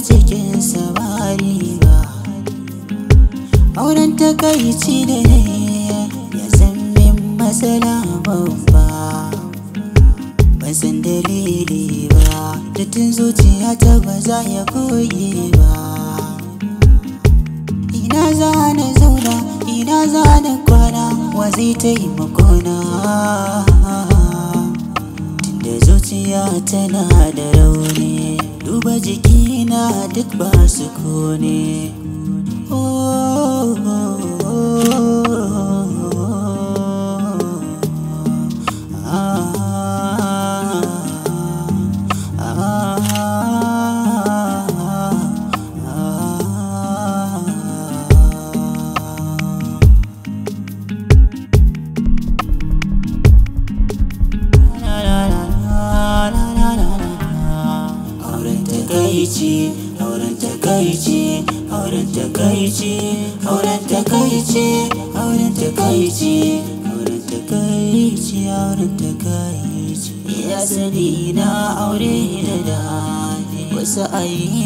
cikinsa ba auren takaici da ya zammin matsala babba ban san dalili ba dattin zuciya ta ba za ya koyi ba ina za na zauna ina za na kwana wa zai taimakona tunda zuciya tana da rauni duba jikina duk ba su kone oh, oh, oh. oh.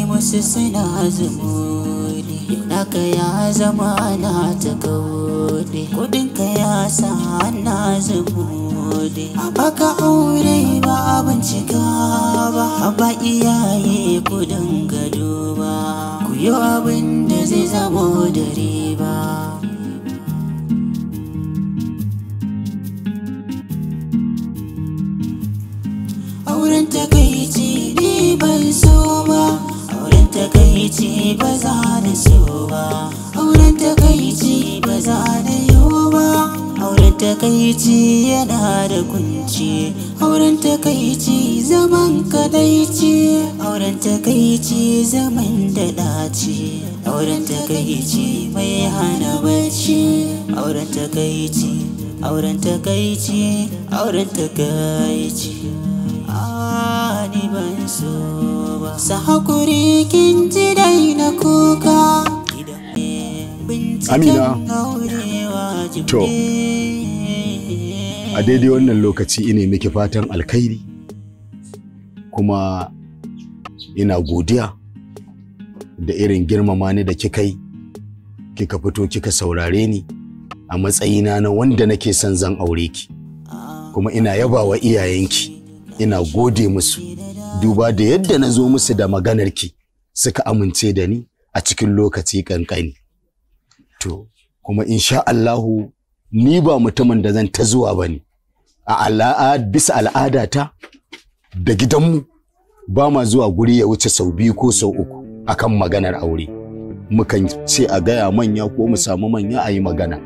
musu suna zumuri naka ya zama na ta kauri kudinka ya sa na zumuri a baka aure ba abin cika ba a ba iyaye kudin gado ba ku yi abin da zai zama da riba yana da kunci auren takaici zaman kadaici auren takaici zaman da daci auren takaici mai hana bacci auren takaici auren takaici auren takaici a ah, ni ban so ba sa hakuri kin ji daina kuka Amina. To, a daidai wannan lokaci ine miki fatan alkhairi kuma ina godiya da irin girmama ni da kika yi kika fito kika saurare ni a matsayina na wanda nake son zan aure ki kuma ina yaba wa iyayenki ina gode musu duba da yadda na zo musu da maganar ki suka amince da ni a cikin lokaci kankani to kuma insha Allahu ni ba mutumin da zan ta zuwa ba ne a bisa al'adata da gidanmu ba ma zuwa guri ya wuce sau biyu ko sau uku akan maganar aure mukan ce a gaya manya ko mu samu manya a yi magana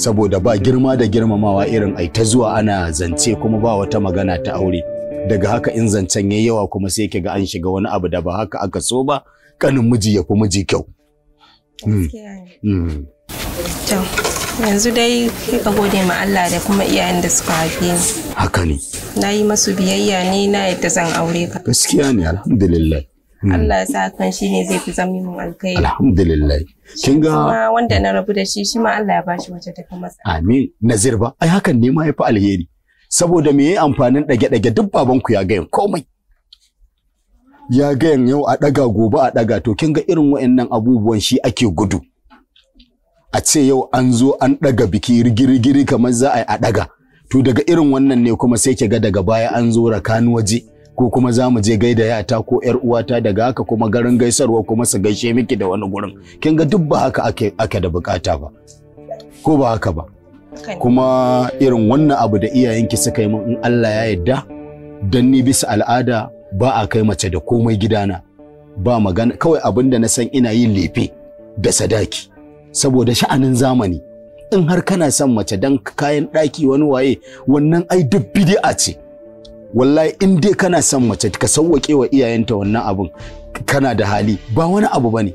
saboda ba girma da girmamawa irin ai ta zuwa ana zance kuma ba wata magana ta aure daga haka in zancen yayi yawa kuma sai ki ga an shiga wani abu da ba haka aka so ba kanin miji ya fi miji kyau. Hmm. to yanzu dai ka gode ma Allah da kuma iyayen da suka haife ni haka ne na yi masu biyayya ne na yadda zan aure ka gaskiya ne alhamdulillah hmm. Allah ya sa kan shi ne zai fi zama mun alkai alhamdulillah kin ga wanda na rabu da shi shi ma Allah ya bashi wacce ta kuma masa amin nazir ba ai hakan ne ma ya fi alheri saboda me yayi amfanin dage-dage duk baban ku ya gayan komai ya gayan yau a daga gobe a daga to kin ga irin waɗannan abubuwan shi ake gudu a ce yau an zo an ɗaga biki rigirigiri kamar za a yi a ɗaga to daga irin wannan ne kuma sai ki ga daga baya an zo rakan waje ko kuma za mu je gaida yata ko yar uwata daga haka kuma garin gaisarwa kuma su gaishe miki da wani gurin kin ga duk ba haka ake da bukata ba ko ba haka ba kuma irin wannan abu da iyayenki suka yi in Allah ya yarda dan ni bisa al'ada ba a kai mace da komai gidana ba magana kawai abin da na san ina yin lefe da sadaki saboda sha'anin zamani in har kana son mace dan kayan ɗaki wani waye wannan ai duk bid'a ce wallahi in dai kana son mace ka sauwaƙe wa iyayenta wannan abin kana da hali ba wani abu bane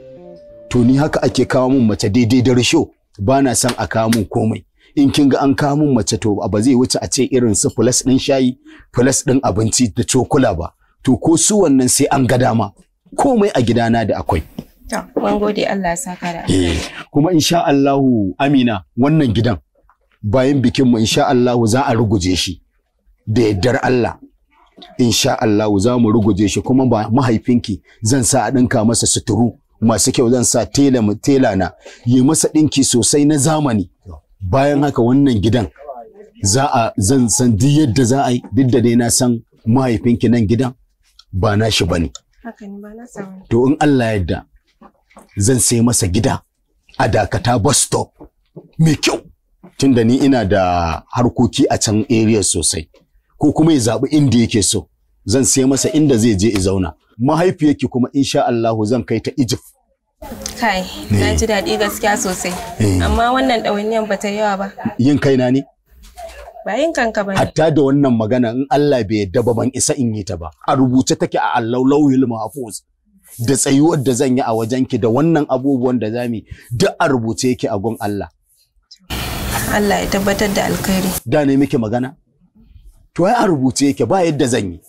to ni haka ake kawo min mace daidai da risho ba na son a kawo min komai in kin ga an kawo min mace to ba zai wuce a ce irin su plus ɗin shayi plus ɗin abinci da cokula ba to ko su wannan sai an ga dama komai a gidana da akwai gode Allah eh, Kuma insha Allahu Amina wannan gidan bayan bikinmu mu insha Allahu za a ruguje shi da yardar Allah. Insha Allahu za mu ruguje shi kuma ba mahaifinki zan sa a ɗinka masa suturu masu kyau zan sa tela tela na yi masa ɗinki sosai na zamani. Bayan haka wannan gidan za a zan san duk yadda za a yi duk da dai na san mahaifinki nan gidan ba na shi bane. To in Allah yadda zan sai masa gida a dakata bus stop mai kyau tunda ni ina da harkoki a can area sosai ko kuma ya zaɓi inda yake so zan sai masa inda zai je ya zauna mahaifiyarki kuma insha Allah zan kai ta Egypt kai eh. na ji daɗi gaskiya sosai eh. amma wannan ɗawainiyar ba ta yawa ba yin kaina ne ba yin kanka ba hatta da wannan magana in Allah bai yadda ba ban isa in yi ta ba a rubuce take a Allah lauhil mahfuz da tsayuwar da zan yi a wajenki da wannan abubuwan da zamu duk a rubuce yake a gun Allah Allah ya tabbatar da alkhairi da ne muke magana to ai a rubuce yake ba yadda zan yi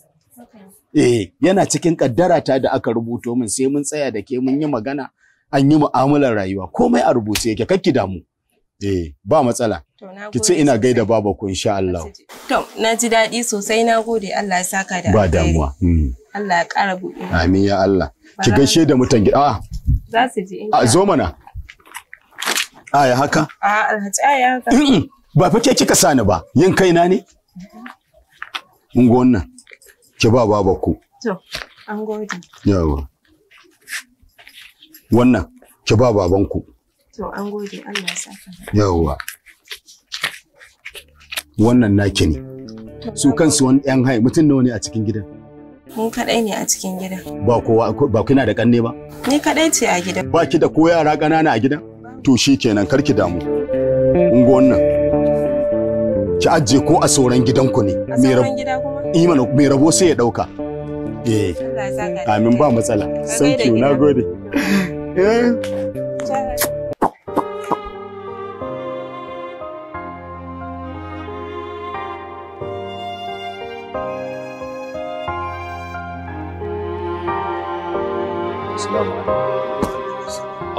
eh yana cikin ta da aka rubuto min sai mun tsaya da ke mun yi magana an yi mu'amalar rayuwa komai a rubuce yake kakki damu eh ba matsala ki ce ina gaida baba ku insha Allah to na ji daɗi sosai na gode Allah ya saka da ba damuwa mm. Allah ya ƙara buɗe amin ya Allah ki gaishe da mutan gida a ah. za su ji a zo mana a ah, ya haka a alhaji a ya haka ba fa ke kika sani ba yin kaina ne mun go wannan ki ba baba ku to an gode yawa wannan ki ba baban ku to an gode Allah ya saka yawa wannan naki ne su kansu wani yan haye, mutum nawa ne a cikin gidan mun kadai ne a cikin gidan. Ba kowa ba kina da kanne ba? Ni kadai ce a gidan. Ba ki da ko yara ƙanana a gidan? To shi kenan kar ki damu. Ungo wannan. Ki ajiye ko a sauran gidanku ne. A sauran gida kuma? Imana eh mai rabo sai ya dauka. Eh. Amin ba matsala. Sanki Na gode. Eh.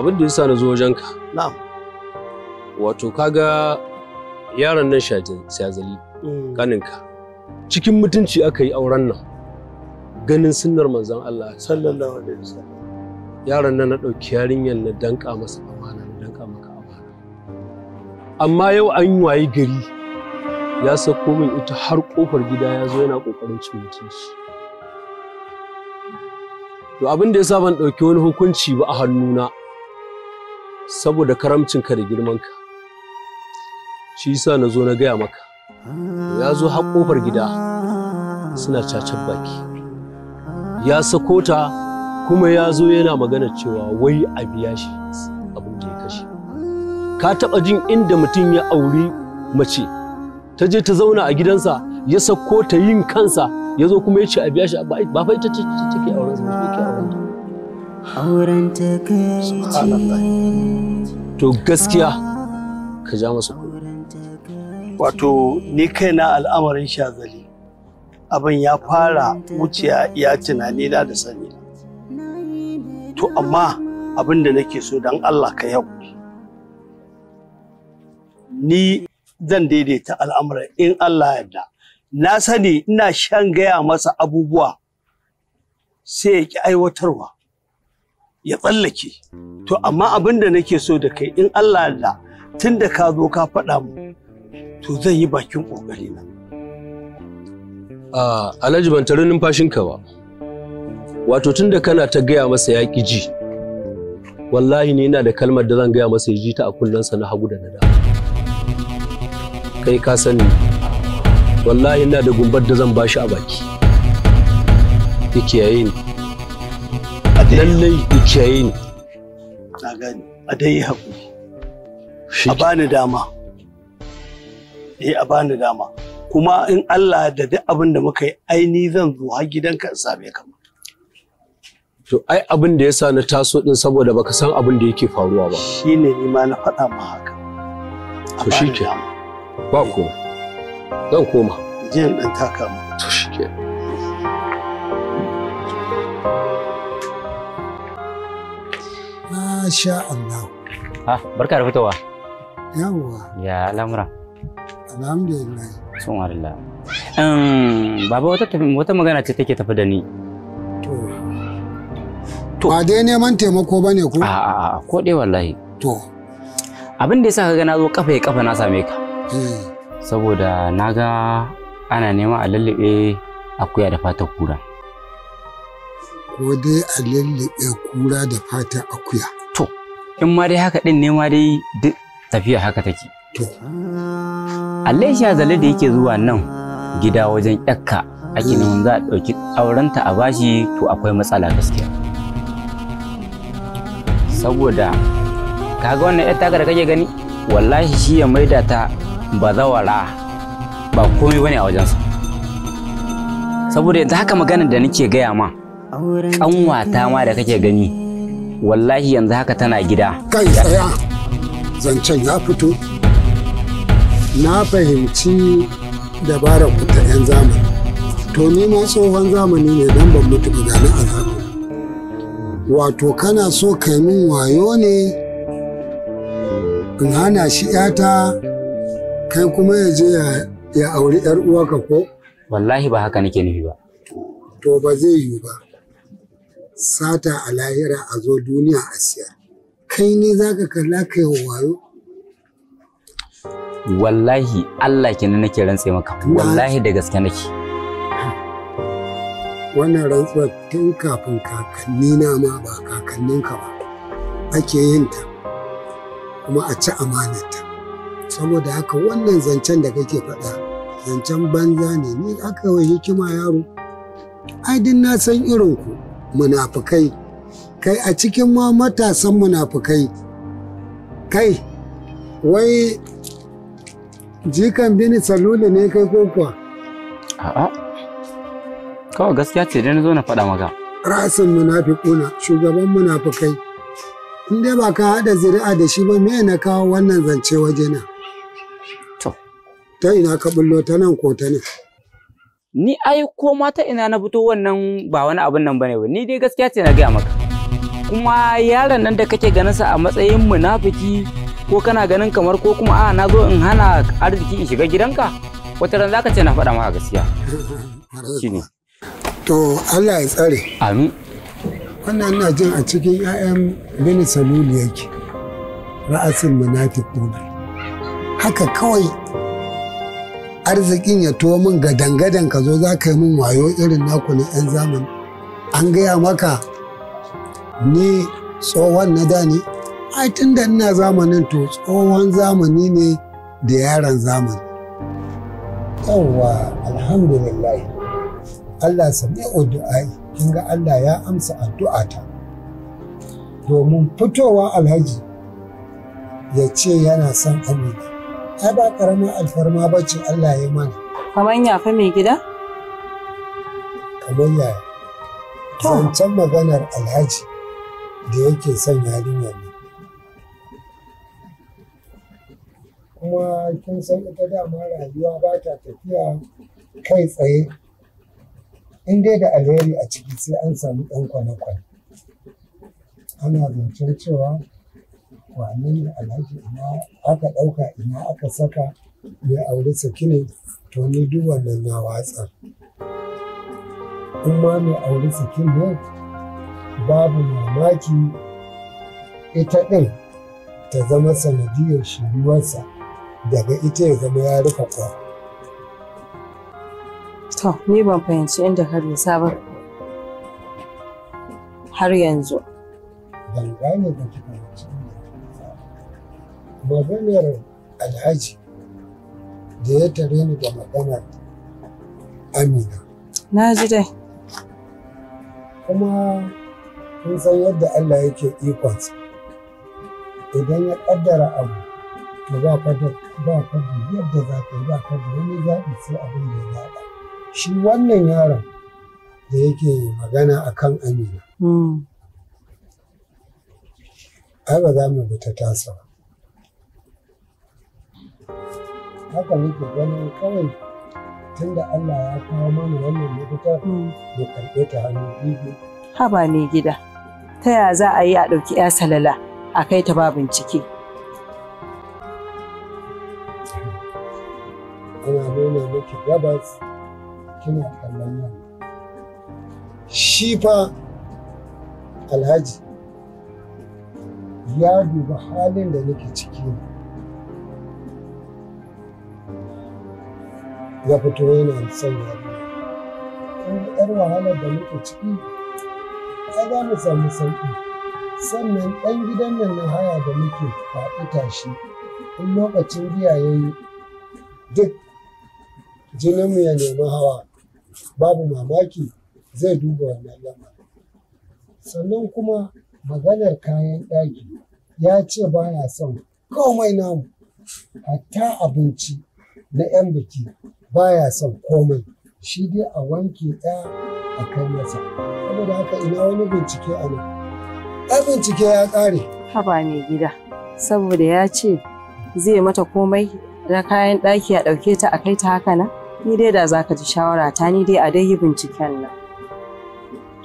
abin da yasa na zo ka na'am wato kaga yaron nan shazali mm. ka. cikin mutunci aka yi auren nan ganin sunnar manzon Allah sallallahu alaihi wasallam yaron nan na ɗauki yarinyar na danka masa amana na danka maka amana amma yau an wayi gari ya sako min ita har kofar gida ya zo yana kokarin cin mutunci to abin da ya sa ban ɗauki wani hukunci ba a hannuna saboda karamcinka da girmanka shi yasa na zo na gaya maka ya zo har kofar gida suna cacar baki ya sako ta kuma ya zo yana magana cewa wai a biya shi abin da ya kashe ka taɓa jin inda mutum ya auri mace ta je ta zauna a gidansa ya sako ta yin kansa ya zo kuma ya ce a biya shi ba fa ita ce take auren sa auren to gaskiya ka ja masa wato ni kaina al'amarin shagali abin ya fara wuce ya tunani na da sani to amma abin da nake so don Allah ka yau ni zan daidaita al'amuran in Allah yarda na sani ina shan gaya masa abubuwa sai ya ki aiwatarwa ya tsallake to amma abin da nake so da kai in Allah da tun da ka zo ka faɗa mu to zan yi bakin ƙoƙari na a alhaji ban tare numfashinka ba wato tun da kana ta gaya masa ya ji wallahi ni ina da kalmar da zan gaya masa ya ji ta a kullansa na hagu da na kai ka sani wallahi ina da gumbar da zan bashi a baki ki kiyaye ni lallai ku kiyaye ni na gani a dai hakuri a bani dama eh a bani dama kuma in Allah da duk abin da muka yi aini zan zo har gidanka in same ka to ai abin da yasa na taso din saboda baka san abin da yake faruwa ba shine ni ma na faɗa ma haka to shike ba ko zan koma je in dan taka ma to shike sha Allah. Ha, barka da fitowa. Yawwa. Ya lamura. Alhamdulillah. Subhanallah. Um, baba wata wata magana ce take tafi da ni. To. To. Ba dai neman taimako bane ko? A'a, ko dai wallahi. To. Abin da yasa ka na zo kafa ya kafa na same ka. Eh. Saboda na ga ana neman a lallabe akuya da fatar kura. Ko dai a lallabe kura da fatar akuya. in ma dai haka din ne ma dai duk tafiya haka take to ya zale da yake zuwa nan gida wajen yakka ake neman za a ɗauki aurenta a bashi to akwai matsala gaskiya saboda kaga wannan yar taka da kake gani wallahi shi ya maida ta bazawara ba komai bane a wajensa saboda yanzu haka maganar da nake gaya ma ƙanwata ma da kake gani wallahi yanzu haka tana gida kai tsaya zancen ya fito na fahimci dabarar ku ta 'yan zamani to ni ma tsohon zamani ne dan ban mutu da gani a zamani wato kana so kai min wayo ne in hana shi yata kai kuma ya je ya auri 'yar uwaka ko wallahi ba haka nake nufi ba to ba zai yi ba sata a lahira a zo duniya a siyar kai ne za ka kalla ka yi wayo wallahi Allah ne nake rantse maka wallahi da gaske nake wannan rantsuwar tun kafin kakanni na ma ba kakannin ka ba ake yin ta kuma a ci amanata saboda haka wannan zancen da kake faɗa zancen banza ne ni aka yi hikima yaro ai din na san irin ku munafukai kai a cikin ma matasan munafukai kai wai jikan bini salula ne kai ko a'a kawai gaskiya ce dai zo na faɗa maka rasin munafiquna shugaban munafukai in dai ba ka haɗa zuri'a da shi ba me na kawo wannan zance waje na to ta ina ka bullo ta nan ko ta nan ni ai ko ma ta ina na fito wannan ba wani abin nan bane ba ni dai gaskiya ce na gaya maka kuma yaron nan da kake ganin sa a matsayin munafiki ko kana ganin kamar ko kuma a na zo in hana arziki in shiga gidanka wata ran zaka ce na faɗa maka gaskiya shine to Allah ya tsare amin wannan ina jin a cikin 'ya'yan bini salulu yake ra'asin munafik haka kawai arzikin ya tuwo min gadan-gadan ka zo za ka yi min wayo irin naku na 'yan zamani an gaya maka ni tsohon na da ne ai tun da ina zamanin to tsohon zamani ne da yaran zamani yawwa alhamdulillah Allah sami'u du'ai kin ga Allah ya amsa addu'a ta. domin fitowa alhaji ya ce yana son amina ai ba karamin alfarma ba ce Allah ya mana. Kamar ya fa mai gida? Kamar ya. Zancen maganar Alhaji da yake son yarinya ne. Kuma kin san ita dama rayuwa ba ta tafiya kai tsaye. In dai da alheri a ciki sai an samu ɗan kwane-kwane. Ana zancen cewa wane ne alhaji ina aka ɗauka ina aka saka ya auri saki ne to ni duk wannan na watsar in ma mai auri sakin ne babu mamaki ita ɗin ta zama sanadiyar shiruwarsa daga ita ya zama ya rufe kwa. To, ni ban fahimci inda ka dosa ba. Har yanzu. Ban gane ba ki fahimci. maganar alhaji da ya tare ni da maganar amina na ji dai kuma kun san yadda allah yake ikonsa idan ya kaddara abu to ba ka da da yadda za ka yi ba ka da wani zaɓi sai abin da ya zaɓa shi wannan yaron da yake magana akan amina hmm. ai ba za mu bi ta tasa ba haka nake ganin kawai tun da Allah ya kawo mana wannan mafita hmm. mu karɓe ta hannu biyu. Haba ne gida, ta ya za a yi a ɗauki 'ya salala a kai ta ba bincike. Ana nuna miki gabas kina kallon nan. Shi fa Alhaji ya duba halin da nake ciki ya fito yana son yarinya kun yar wahalar da muke ciki ya za mu samu sauƙi sannan ɗan gidan nan na haya da muke faɗi tashi in lokacin giya ya yi duk jininmu ya nemi hawa babu mamaki zai duba wannan lamarin sannan kuma maganar kayan ɗaki ya ce ba ya son komai namu hatta abinci na 'yan biki baya son komai shi dai a wanke ɗaya a kan masa saboda haka ina wani bincike a nan ɗan bincike ya ƙare haba mai gida saboda ya ce zai mata komai da kayan ɗaki a ɗauke ta a kai ta haka nan ni dai da za ka ji shawara ta ni dai a dai yi binciken nan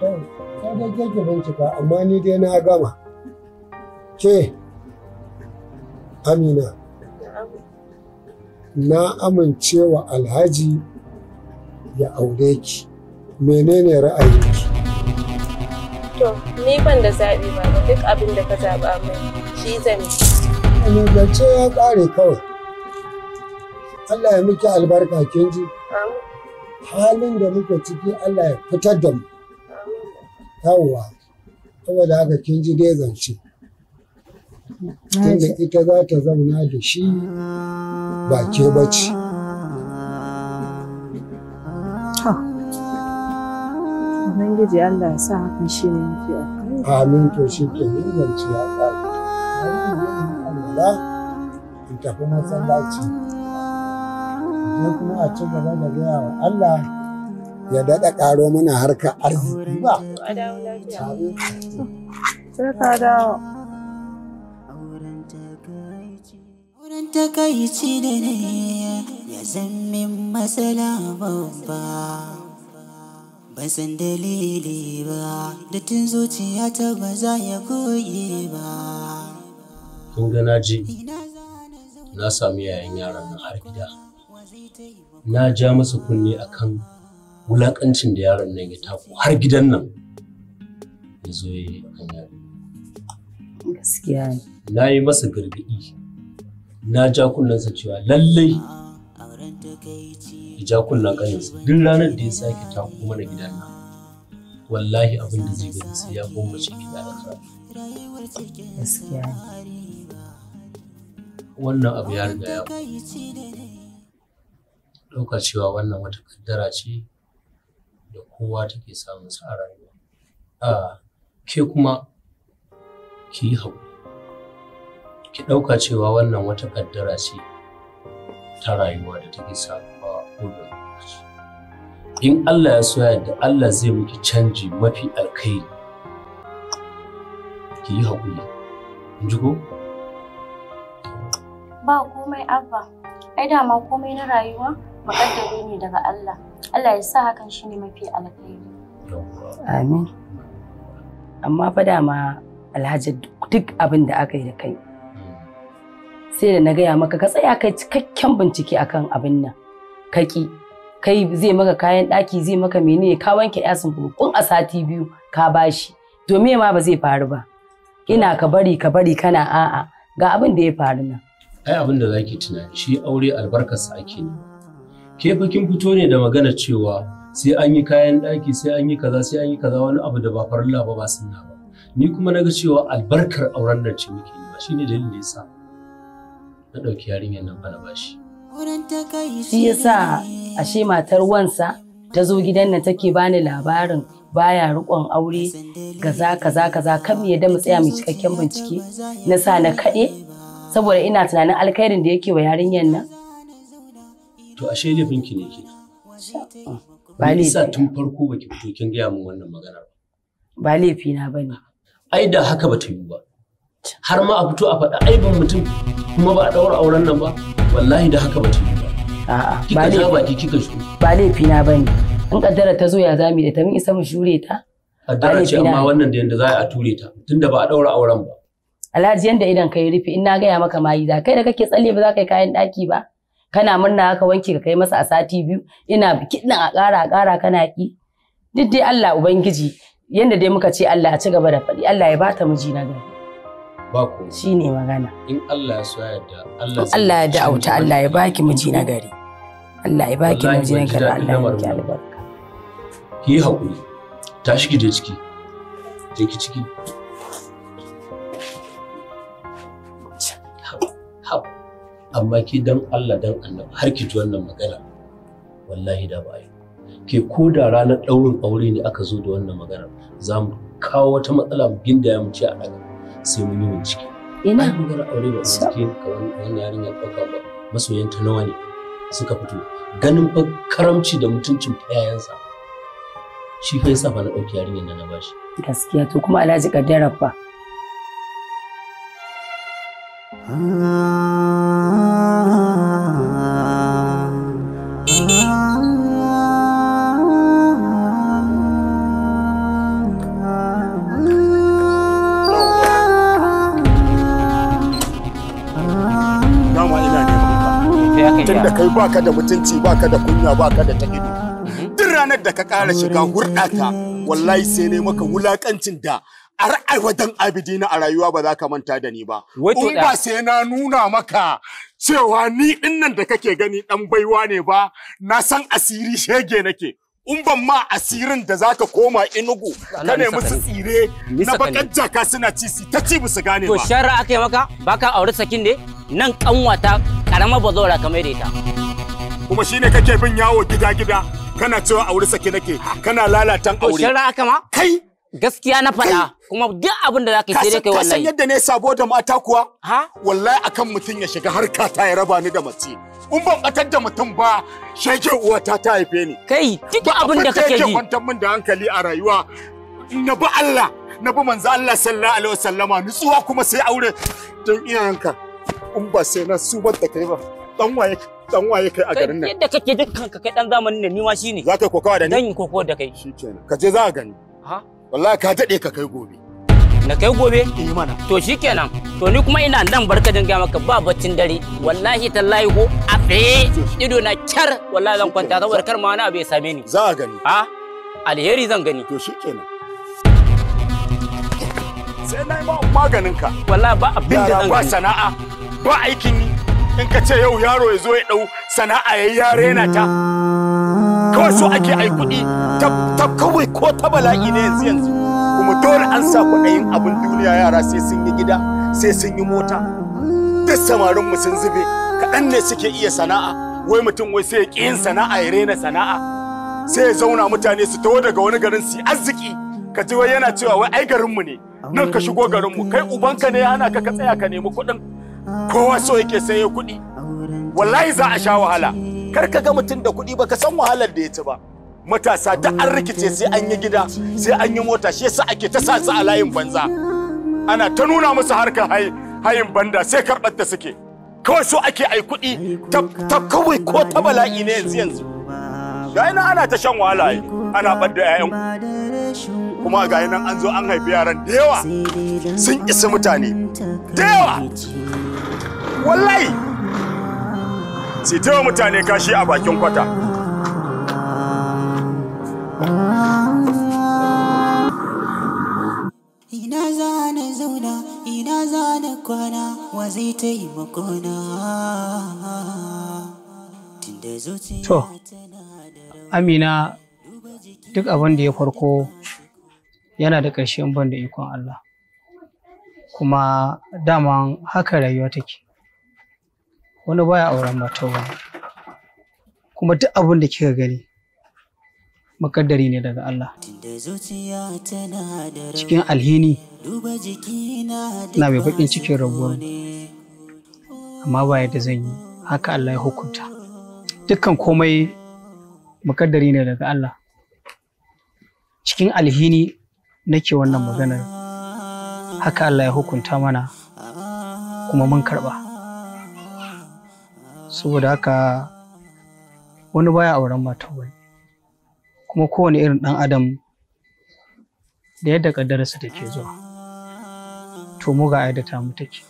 ta dai kake bincika amma ni dai na gama ke amina na amincewa alhaji ya aure ki menene ki to ni ban da zaɓi ba duk abin da ka zaɓa mai shi zan yi zance ya ƙare kawai Allah ya miki albarka kin ji halin da muke ciki Allah ya fitar da mu yawwa saboda haka kin ji dai zance tunda ita za ta zauna da shi ba ke bace. Ubangiji Allah sa hakan shi ne mafi Amin to shi ke in tafi masallaci. Zai kuma a ci gaba da gaya wa Allah ya daɗa ƙaro mana harkar arziki ba. Sai ka dawo. takaici da ne ya zammin matsala babba ba san dalili ba da tun zuciya ta ba za ya goye ba kun ga na ji na sami yayan yaran nan har gida na ja masa kunne akan wulakancin da yaron nan ya taku har gidan nan ya zo ya yi gaskiya na yi masa gargaɗi na ja sa cewa lallai ya ja kan kaninsa duk ranar da ya sake ta kuma na gidan nan wallahi abin da zai gani sai ya gwammace gida da sa wannan abu ya riga ya ɗauka cewa wannan wata kaddara ce da kowa take samu sa a rayuwa ah, ke kuma ki yi haƙuri ki ɗauka cewa wannan wata kaddara ce ta rayuwa da take samuwa a kowane lokaci in Allah ya so yadda Allah zai miki canji mafi alkhairi ki yi haƙuri in ji ko ba komai abba ai dama komai na rayuwa makaddare ne daga Allah Allah ya sa hakan shine mafi alkhairi amin amma fa dama alhaji duk abin da aka yi da kai sai da na gaya maka ka tsaya kai cikakken bincike akan abin nan kaki kai zai maka kayan ɗaki zai maka menene ka wanke yasin kun a sati biyu ka bashi domin ma ba zai faru ba ina ka bari ka bari kana a'a ga abin da ya faru nan ai abin da zaki tunani shi aure albarkarsa ake ne ke fa kin fito ne da magana cewa sai an yi kayan ɗaki sai an yi kaza sai an yi kaza wani abu da ba farilla ba ba sunna ba ni kuma na ga cewa albarkar auren nan ce muke yi ba shine dalilin da yasa ta ɗauki yarinyar nan fa na bashi. Shi yasa ashe matar wansa ta zo gidan nan take bani labarin baya riƙon aure gaza kaza kaza kan ya da mu tsaya mai cikakken bincike na sa na kaɗe saboda ina tunanin alkhairin da yake wa yarinyar nan. To ashe laifinki ne ke. Ba laifi. tun farko baki fito kin gaya min wannan maganar. Ba laifi na bane. Ai da haka ba ta yiwu ba. har ma a fito a faɗa aibin mutum kuma ba a ɗaura auren nan ba wallahi da haka ba ta ba. A'a ba laifi baki kika shi. Ba laifi na bane. In kaddara ta zo ya zame da ta mun isa mu shure ta. Kaddara ce amma wannan da yanda za a ture ta tunda ba a ɗaura auren ba. Alhaji yanda idan kai rufe in na gaya maka mayi za kai da kake tsalle ba za ka yi kayan ɗaki ba. Kana murna haka wanki ka kai masa a sati biyu ina kiɗan a ƙara a ƙara kana ki. Duk dai Allah Ubangiji yanda dai muka ce Allah a ci gaba da faɗi Allah ya bata miji na gari. ba ku shi ne magana in Allah ya so ya yarda Allah Allah ya da auta Allah ya baki miji na gari Allah ya baki miji na gari Allah ya baki albarka ki yi hakuri tashi ki je ciki je ki ciki amma ki dan Allah dan Allah har ki ji wannan magana wallahi da ba ke ko da ranar ɗaurin aure ne aka zo da wannan magana za mu kawo wata matsala mu ginda ya mu ci a daga sai mun yi bincike ina ai magana aure ba ke kamar wannan yarinyar ɗauka ba masoyanta nawa ne suka fito ganin fa karamci da mutuncin 'ya'yansa, shi fa yasa ba na ɗauki yarinyar nan na bashi gaskiya to kuma alhaji Kaddara fa Ah da kai baka da mutunci baka da kunya baka da takibi mhm. duk ranar da ka kara shiga hurɗata wallahi sai ne maka wulakancin da a ra'ayi abidina a rayuwa ba za ka manta da ni ba. In ba sai na nuna maka cewa ni ɗinnan da kake gani ɗan baiwa ne ba, na san asiri shege nake. in ban ma asirin da za ka koma inugu ka nemi su tsire na bakan jaka suna ci su ta ci su gane ba to shara aka yi maka baka auri sakin ne nan kanwata karama bazora ka mai da ita kuma shi shine kake bin yawo gida gida kana cewa auri sakin nake kana lalatan aure to shara aka ma kai Gaskiya na faɗa kuma duk abin da zaka sai dai kai wallahi. Kasan yadda ne sabo da mata kuwa? Ha? Wallahi akan mutum ya shiga harka ta ya raba ni da mace. In ban batar da mutum ba shege uwata ta haife ni. Kai duk abin da kake yi. Ba abin kwantar min da hankali a rayuwa. Na bi Allah, na bi manzo Allah sallallahu alaihi wasallama nutsuwa kuma sai aure don iyayenka. In ba sai na subar da kai ba. Dan waye dan waye kai a garin nan. Yadda kake duk ka kai dan zamanin ne ni ma shine. Za ka kokawa da ni? Dan kokawa da kai. Shikenan. Ka je za a gani. Ha? wallahi ka daɗe ka kai gobe na kai gobe eh mana to shikenan to ni kuma ina nan barka jin gaya maka ba baccin dare wallahi tallahi ko a tsaye ido na kyar wallahi zan kwanta saboda kar ma wani abu ya same ni za a gani a alheri zan gani to shikenan sai na yi maganin ka wallahi ba abin da zan gani ba sana'a ba aikin yi in ka ce yau yaro ya zo ya dau sana'a ya yi rena ta kawai so ake ai kuɗi ta kawai ko ta bala'i ne yanzu yanzu kuma dole an sa kuɗayin abin duniya yara sai sun yi gida sai sun yi mota duk mu sun zube kaɗan ne suke iya sana'a wai mutum wai sai ya ƙi yin sana'a ya rena sana'a sai ya zauna mutane su taho daga wani garin su arziki ka ji wai yana cewa wai ai garinmu ne nan ka shigo garinmu kai ubanka ne ya hana ka ka tsaya ka nemi kuɗin kowa so yake sai ya kuɗi wallahi za a sha wahala kar ka ga mutum da kuɗi ka san wahalar da ya ci ba matasa ta an rikice sai an yi gida sai an yi mota shi yasa ake ta sa su a layin banza ana ta nuna musu harkar hayin banda sai karɓar da suke kawai so ake ai kuɗi ta kawai ko ta bala'i ne yanzu yanzu ga ina ana ta shan wahala ana ɓadda 'ya'yan kuma ga nan an zo an haifi yaran da yawa sun isa mutane da yawa wallahi sitewa mutane kashi a bakin kwata ina za na zauna ina za na kwana wa zai makona tunda zuciya amina duk abin da ya farko yana da ƙarshen ban da ikon Allah kuma daman haka rayuwa take wani baya auren matar wani kuma duk abin da kika gani makaddari ne daga Allah cikin alhini na mai bakin cikin rabuwa amma ba yadda zan yi haka Allah ya hukunta dukkan komai makaddari ne daga Allah cikin alhini nake wannan maganar haka Allah ya hukunta mana kuma mun karɓa. saboda haka wani baya auren mata wani kuma kowane irin ɗan adam da yadda ƙaddararsa take zuwa to mu ga aidata mu take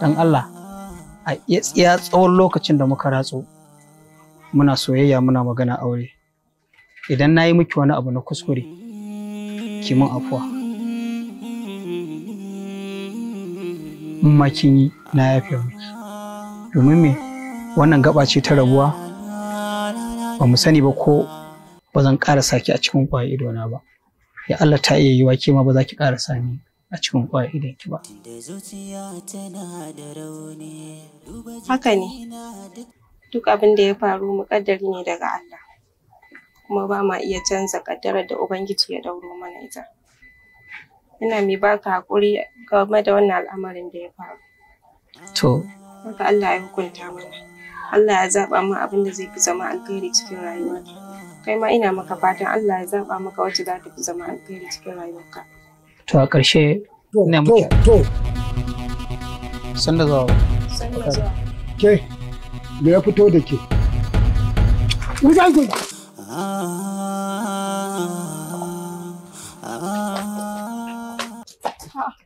dan Allah a iya tsiya tsawon lokacin da muka ratso muna soyayya muna magana aure idan na yi miki wani abu na kuskure ki mun afuwa makin na yafe miki domin me wannan gaba ce ta rabuwa ba mu sani ba ko ba zan ƙara saki a cikin ƙwaye idona ba ya Allah ta iya yiwa ke ma ba za ki ƙara sani a cikin ƙwaye idon ki ba haka ne duk abin da ya faru muƙaddari ne daga Allah kuma ba ma iya canza ƙaddarar da ubangiji ya dauro mana ita ina mai baka hakuri game da wannan al'amarin da ya faru to haka Allah ya hukunta mana Allah ya zaba min abin da zai fi zama alkhairi cikin rayuwarka kai ma ina maka fatan Allah ya zaba maka wacce za ta fi zama alkhairi cikin rayuwarka to a ƙarshe ina muke to sanda zawa ke me ya fito da ke Ah.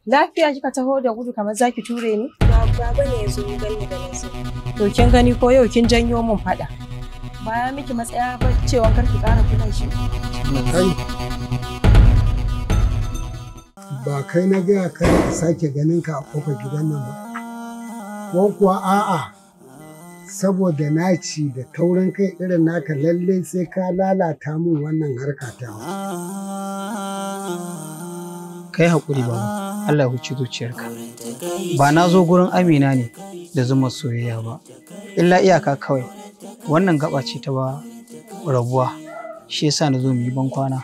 Lafiya kika taho da gudu kamar zaki ture ni? Baba ne ya zo gani da nazo. To kin gani ko yau kin janyo mun fada. Baya miki matsaya ba cewa kar ki ƙara kudin shi. Kai. Ba kai na gaya kai ka sake ganin ka a kofar gidan nan ba. Ko kuwa a'a saboda naci da taurin kai irin naka lalle sai ka lalata min wannan harka ta. Kai haƙuri ba Allah huci zuciyarka ba na zo gurin amina ne da zuma soyayya ba illa iyaka kawai wannan gaba ce ta ba rabuwa shi yasa na zo mu yi bankwana.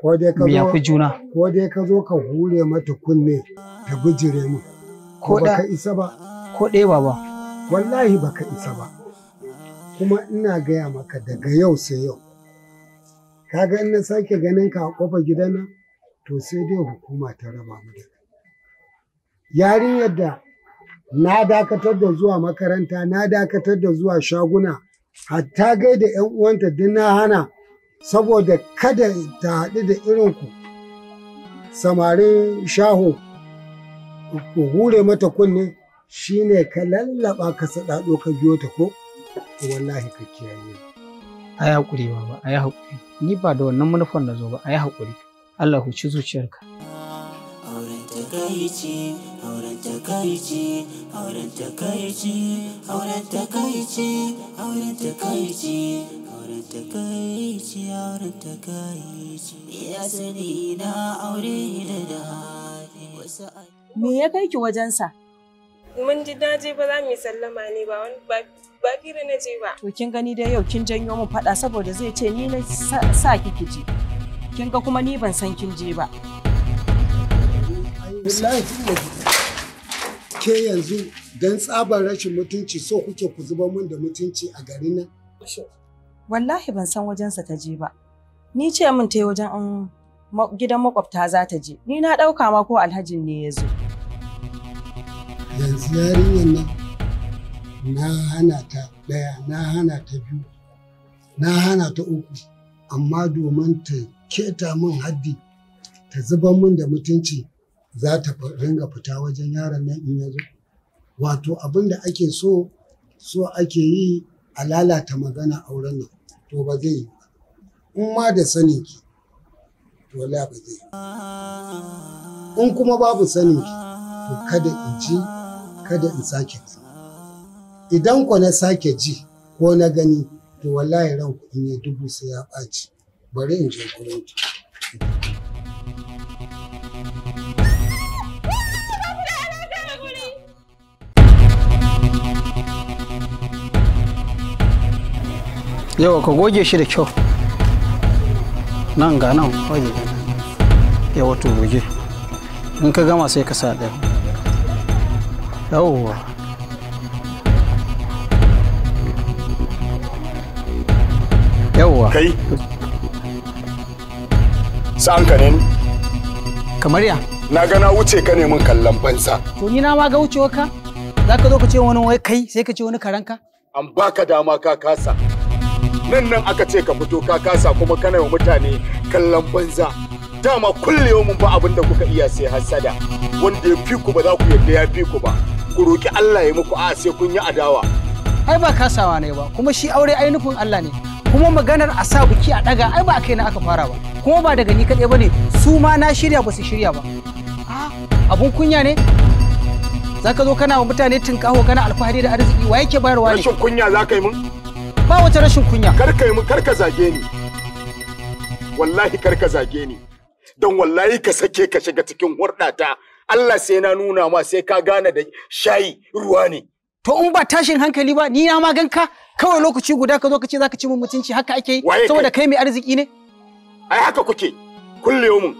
kwana ko dai ka zo juna ko dai ka zo ka hure mata kunne ta bijire mu ko da ka isa ba ko dai ba wallahi baka isa ba kuma ina gaya maka daga yau sai yau kaga in na sake ganin ka a kofar gidana to sai dai hukuma ta raba mu da yarinyar da na dakatar da zuwa makaranta na dakatar da zuwa shaguna hatta gaida 'yan uwanta duk na hana saboda kada ta haɗu da irinku samarin shaho ku hure mata kunne shine ka lallaba ka saɗaɗo ka biyo ta ko wallahi ka kiyaye a yi haƙuri ba, a yi haƙuri ni ba da wannan manufan na zo ba a yi haƙuri Allah huci zuciyarka takaici auren takaici auren takaici auren takaici auren takaici auren takaici auren takaici ya sani na aure da da me ya kai ki wajensa mun ji daji ba za mu yi sallama ne ba wani ba kira na je ba to kin gani dai yau kin janyo mu faɗa saboda zai ce ni na sa kiki ji, kin ga kuma ni ban san kin je ba wallahi ke yanzu don tsabar rashin mutunci so kuke ku zuba mun da mutunci a gari nan wallahi ban san wajensa ta je ba ni ce min ta yi wajen gidan makwabta za ta je ni na ɗauka ma ko alhajin ne ya zo yanzu yarinyar nan na hana ta ɗaya na hana ta biyu na hana ta uku amma domin ta keta min haddi ta zuba min da mutunci za ta ringa fita wajen yaron nan in ya zo wato abin da ake so so ake yi a lalata magana auren nan to ba zai yi ba. in ma da sanin ki to la ba zai yi in kuma babu sanin ki to kada in ji kada in sake gani idan ku na sake ji ko na gani to wallahi ranku in yi dubu sai ya ɓaci bari in je gurin ki yau ka goge shi da kyau nan ga nan goge ya wato goge in ka gama sai ka sa ɗaya yawa yawa kai sa'an ka ne kamar ya na gana wuce ka ne min kallon bansa. to ni na ma ga wucewa ka za ka zo ka ce wani wai kai sai ka ce wani karanka an baka dama ka kasa nan nan aka ce ka fito ka kasa kuma kana wa mutane kallon banza dama kulle mun ba abin da kuka iya sai hasada wanda ya fi ku ba za ku yadda ya fi ku ba ku roki Allah ya muku a sai kun yi adawa ai ba kasawa ne ba kuma shi aure ai Allah ne kuma maganar a sa biki a daga ai ba kai na aka fara ba kuma ba daga ni kaɗai ba ne su ma na shirya ba su shirya ba abun kunya ne zaka zo kana wa mutane tinkaho kana alfahari da arziki wa yake bayarwa ne rashin kunya za ka yi mun ba wata rashin kunya karka yi karka zage ni wallahi karka zage ni don wallahi ka sake ka shiga cikin hurɗata Allah sai na nuna ma sai ka gane da shayi ruwa ne to in ba tashin hankali ba ni na magan ka kawai lokaci guda ka zo ka ce zaka ci mun mutunci haka ake yi saboda kai mai arziki ne ai haka kuke mun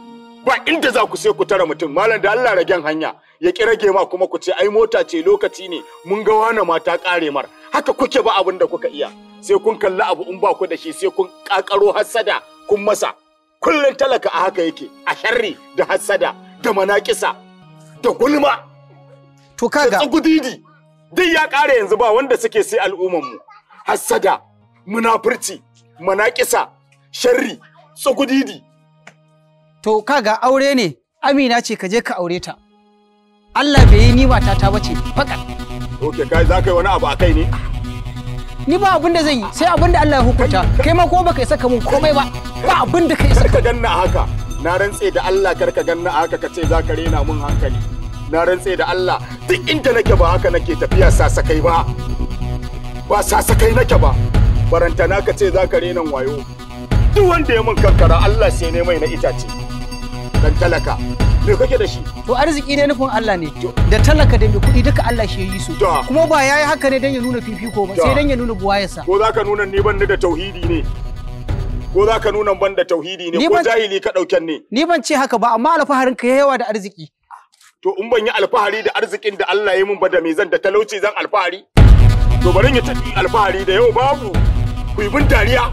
ba inda za ku sai ku tara mutum malam da Allah ragen hanya ya ki rage ma kuma ku ce ai mota ce lokaci ne mun ga wani mata kare mar haka kuke ba abin da kuka iya sai kun kalli abu in ba ku da shi sai kun kakaro hassada kun masa kullun talaka a haka yake a sharri da hassada da manakisa da gulma to kaga da gudidi duk ya kare yanzu ba wanda suke sai al'umman mu hassada munafurci manakisa sharri tsugudidi to kaga aure ne amina ce ka je ka aure ta Allah bai yi ni ta bace fakat okay kai za ka yi wani abu a kai ne? Ni ba abin da zai yi, sai abin da Allah ya hukunta. Kai ma ko ba isa ka mun komai ba, ba abin da ka isa. Ka haka, na rantse da Allah kar ka ganna haka ka ce za ka rena mun hankali. Na rantse da Allah duk inda nake ba haka nake tafiya sasakai ba. Ba sasakai nake ba. na ka ce za ka rena wayo. Duk wanda ya mun kankara Allah sai ne mai na itace. Dan talaka. me kake da shi to arziki ne nufin Allah ne da talaka da mai kuɗi duka Allah shi ya yi su kuma ba yayi haka ne dan ya nuna fifiko ba sai dan ya nuna buwayarsa ko zaka nuna ni ban da tauhidi ne ko za ka nuna ban da tauhidi ne ko jahili ka ɗauken ne. Ni ban ce haka ba amma alfaharin ka yawa da arziki. To in ban yi alfahari da arzikin da Allah ya mun ba da me zan da talauci zan alfahari. To bari ya tafi alfahari da yau babu ku yi bin dariya.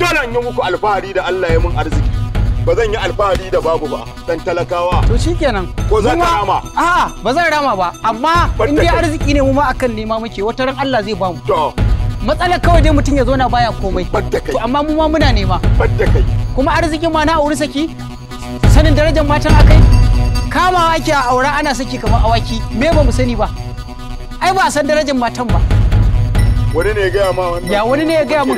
Dole an yi muku alfahari da Allah ya mun arziki. ba zan yi alfahari da babu ba dan talakawa to shikenan ko za ka rama a'a ba zan rama ba amma in dai arziki ne mu ma akan nema muke wata ran Allah zai bamu to matsalar kawai dai mutum ya zo na baya komai to amma mu ma muna nema kuma arzikin ma na auri saki sanin darajar matan akai kamawa ake a aura ana saki kamar awaki me ba mu sani ba ai ba san darajar matan ba Wani ne ya gaya ma wannan? Ya wani ne ya gaya ma?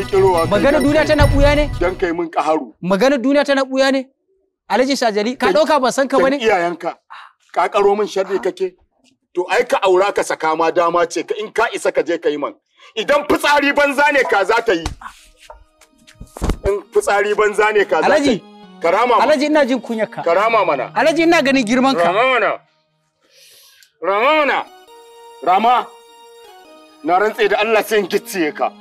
Magana duniya tana buya ne? Dan kai mun kaharu Magana duniya tana buya ne? Alhaji Shajali ka ɗauka ban san ka bane? iyayenka. Ka karo min sharri kake. To ai ka aura ka saka ma dama ce ka in ka isa ka je ka yi man. Idan fitsari banza ne ka za ta yi. In fitsari banza ne ka za ta yi. Karama mana. Alhaji ina jin ka Karama mana. Alhaji ina ganin girman ka. Rama mana. Rama mana. Rama. na rantse da Allah sai in gicciye ka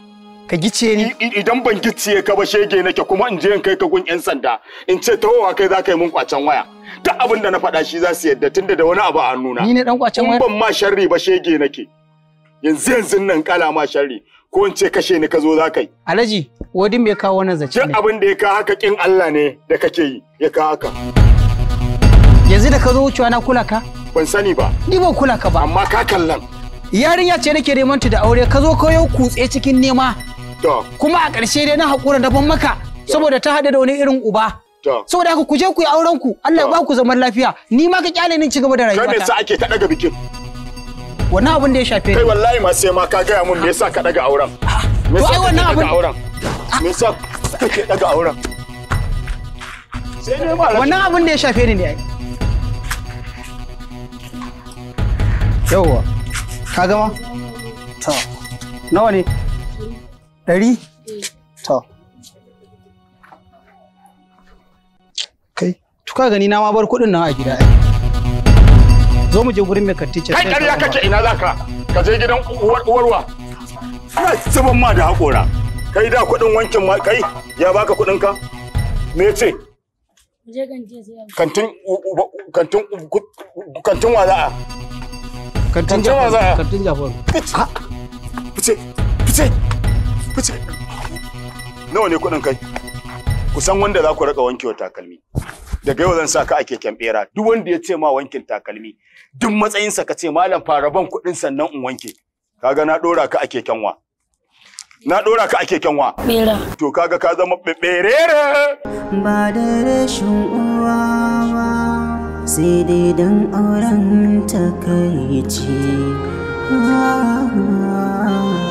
ka gice ni idan ban gicciye ka ba shege nake kuma in je in kai ka gun yan sanda in ce wa kai za ka yi mun kwacen waya duk abin da na faɗa shi za su yadda tunda da wani abu a hannuna ni ne dan kwacen waya ban ma sharri ba shege nake yanzu yanzu nan kala ma sharri ko in ce kashe ni ka zo za ka yi alhaji wadin bai kawo wannan zace duk abin da ya kawo haka kin Allah ne da kake yi ya kawo haka yanzu da ka zo wucewa na kula ka ban sani ba ni ban kula ka ba amma ka kallan yarinya ce nake neman ta da aure ka zo ko yau kutse cikin nema kuma a ƙarshe dai na haƙura da ban maka saboda ta haɗa da wani irin uba saboda haka ku je ku yi auren ku Allah ya ba ku zaman lafiya ni ma ka kyale ni cigaba da rayuwata kai sa ake ta daga bikin wannan abin da ya shafe kai wallahi ma sai ma ka gaya mun me yasa ka daga auren me yasa ka daga auren me yasa ke daga auren sai ne ma wannan abin da ya shafe ni ne ai Ka gama? To. Nawa ne? Ɗari? To. Kai, tuka gani na ma bar kuɗin nan a gida ai. Zo mu je gurin mai kantice. Kai ƙarya kake ina za ka? Ka je gidan uwarwa. Ina zuban ma da haƙora. Kai da kuɗin wankin ma kai ya baka kuɗin ka? Me ce? Kantin kantin kantin wa kantin jafar kantin jafar fice fice fice nawa ne kuɗin kai ku san wanda za ku raka wa takalmi daga yau zan sa ka ake keken bera duk wanda ya ce ma wankin takalmi duk matsayinsa ka ce malam fara ban kuɗin sannan in wanke kaga na ɗora ka ake keken na ɗora ka ake keken to kaga ka zama berere ba da rashin uwa sai dai don auren takaici ah, ah, ah.